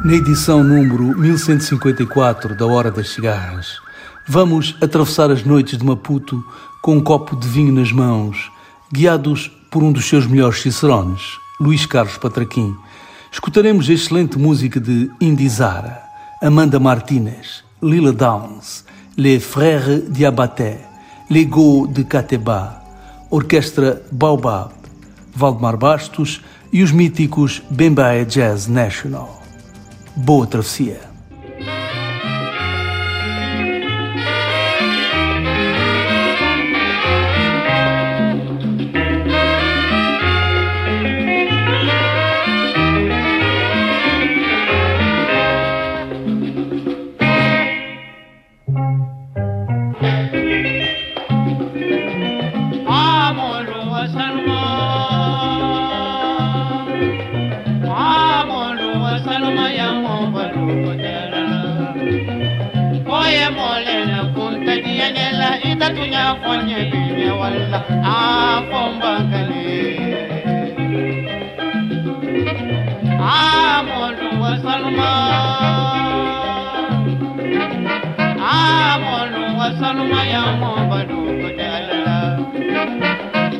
Na edição número 1154 da Hora das Cigarras, vamos atravessar as noites de Maputo com um copo de vinho nas mãos, guiados por um dos seus melhores cicerones, Luís Carlos Patraquim. Escutaremos a excelente música de Indizara, Amanda Martínez, Lila Downs, Les Frères Diabaté, Lego de Cateba, Orquestra Baobab, Valdemar Bastos e os míticos Bembae Jazz National. Boa travessia! tatunya fonye binye walla afomba kale amolu wasalma amolu wasalma ya momba badu kudala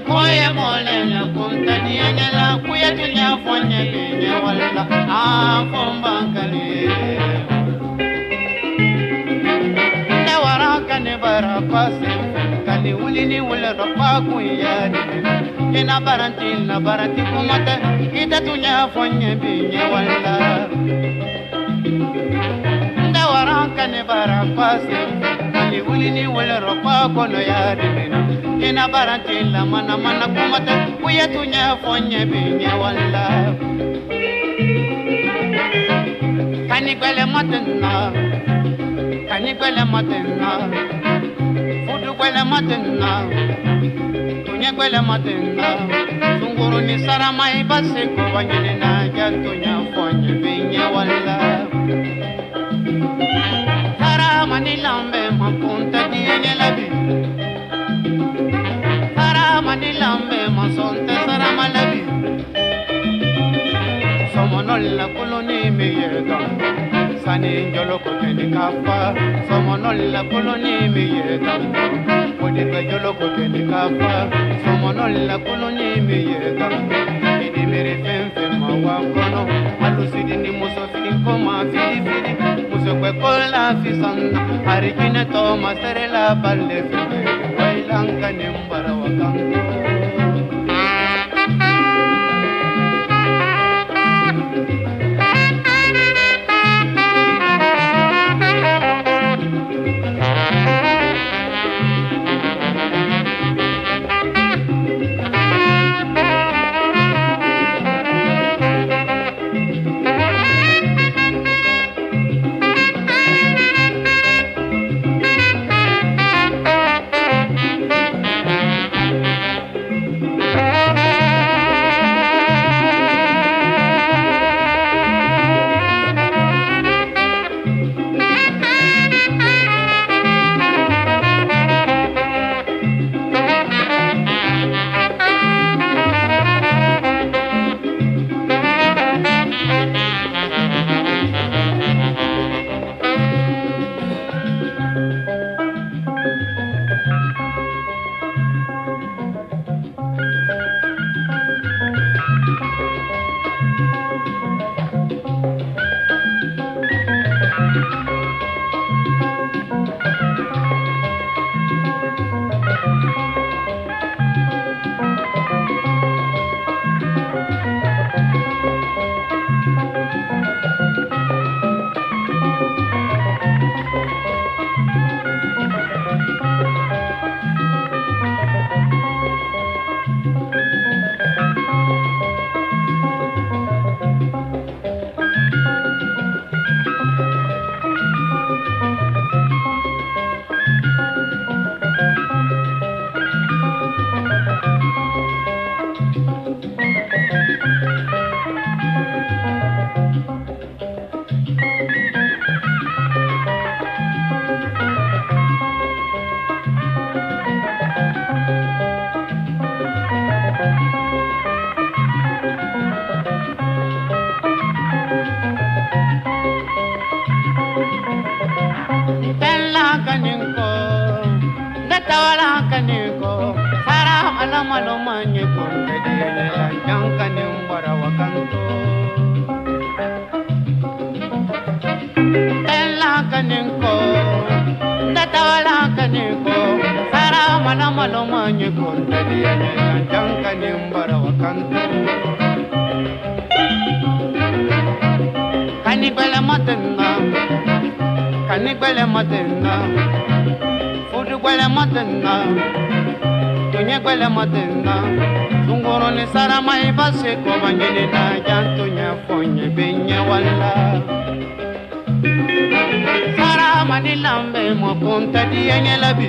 koye mole nya kuntani nya la kuye tunya fonye binye walla afomba kale wulini wuli rɔba kun yari i baranti na baranti kumata. Kita tunya fonye tun y'a fɔ n ye bi n ye wali la n tɛ bara pase wali wulini wuli rɔba kɔnɔ yari i na baranti la mana mana kumata. tɛ tunya fonye tun y'a fɔ n ye kani gbɛlɛ ma kani gbɛlɛ ma kudu kwele matenna tunya kwele matenna sunguru ni sarama ibase kubanyene na jantunya fonye benye wala sarama ni lambe mapunta dienye labi sarama ni lambe masonte sarama labi somonolla kuloni miyega sani jolo ko teni kafa somo nolla koloni mi yeta wode ka jolo ko teni kafa somo nolla koloni mi yeta ini mere fen fen ma wa kono alu sidi ni muso fi ko ma fi fi muso ko ko la fi san arikine to ma sere la balle fi wailanka ni mbara wa kanko tella kaninko da tawala kaninko sara alama malo manye ko kedele jang kanin bara wakanto tella kaninko da tawala kaninko sara alama malo manye ko kedele jang kanin bara wakanto kanibala matanda kani gbẹlẹ mọtẹ nà fudu gbẹlẹ mọtẹ nà tonye gbẹlẹ mọtẹ nà sungoro ni sarama yi ba se kọba nyene na janto nya fọ nye be nye wala. sarama ni lambe mọ kuntadi ye nye labi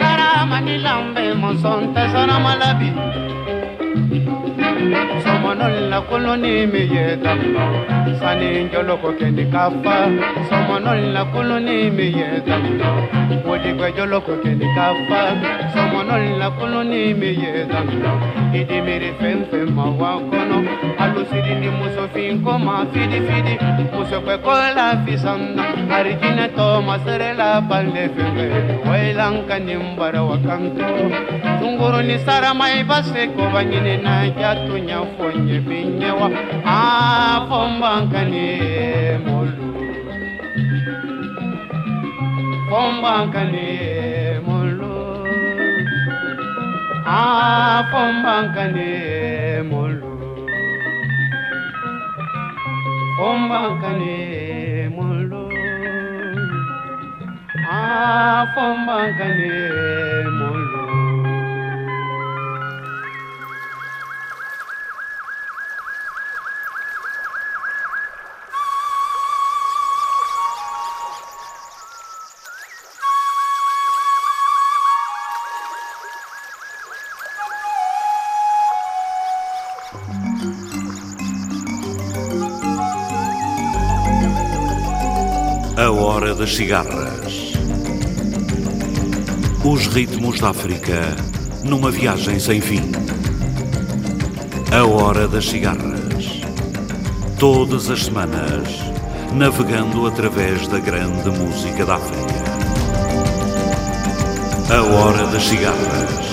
sarama ni lambe mọ sọntẹ sọrọma labi. somɔnɔlila koloni mi ye daminɔ sani jɔlɔkɔ kɛdi ka fa somɔnɔlila koloni mi ye daminɔ wodigbe jɔlɔkɔ kɛdi ka fa somɔnɔlila koloni mi ye daminɔ idimiri fɛnfɛn ma wa kɔnɔ alusiri ni musofin ko ma fidifidi musokpɛkɔ la fisan na arijinɛ tɔ masere la balde fɛnfɛn wa kanto sunkuru ni sarama i ba se ko tunya fonye binyewa a fombangane molu fombangane molu a fombangane molu fombangane molu a molu A Hora das Cigarras. Os ritmos da África numa viagem sem fim. A Hora das Cigarras. Todas as semanas, navegando através da grande música da África. A Hora das Cigarras.